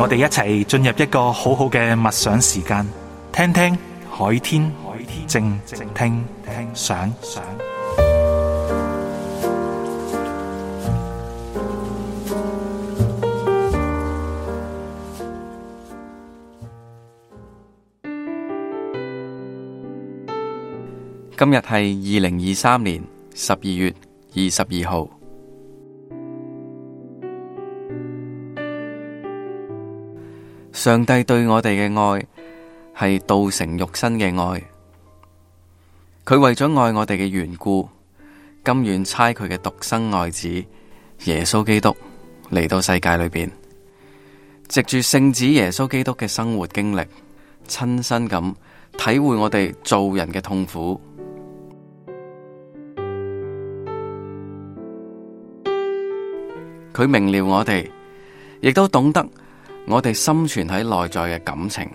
我哋一齊進入一個好好嘅默想時間，聽聽海天靜靜聽想。今日係二零二三年十二月二十二號。上帝對我哋嘅愛係道成肉身嘅愛，佢為咗愛我哋嘅緣故，甘願差佢嘅獨生愛子耶穌基督嚟到世界裏邊，藉住聖子耶穌基督嘅生活經歷，親身咁體會我哋做人嘅痛苦。佢明了我哋，亦都懂得。我哋深存喺內在嘅感情，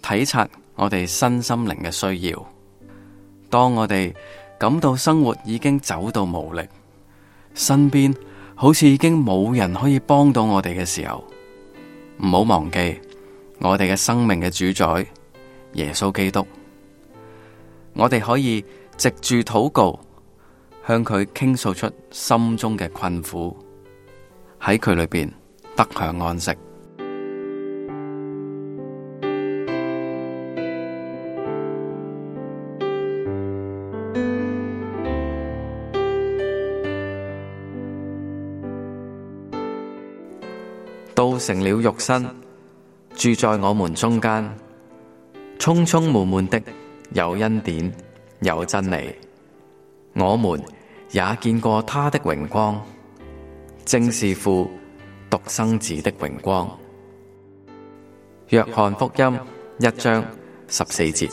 體察我哋身心靈嘅需要。當我哋感到生活已經走到無力，身邊好似已經冇人可以幫到我哋嘅時候，唔好忘記我哋嘅生命嘅主宰，耶穌基督。我哋可以藉住禱告，向佢傾訴出心中嘅困苦，喺佢裏面得享安息。道成了肉身，住在我們中間，充充滿滿的有恩典，有真理。我們也見過他的榮光，正是父獨生子的榮光。約翰福音一章十四節。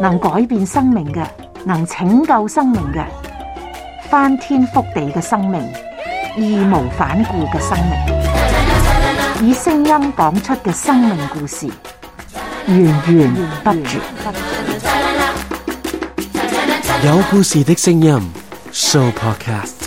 能改變生命嘅，能拯救生命嘅，翻天覆地嘅生命，義無反顧嘅生命，以聲音講出嘅生命故事，源源不絕。有故事的聲音，Sooo Podcast。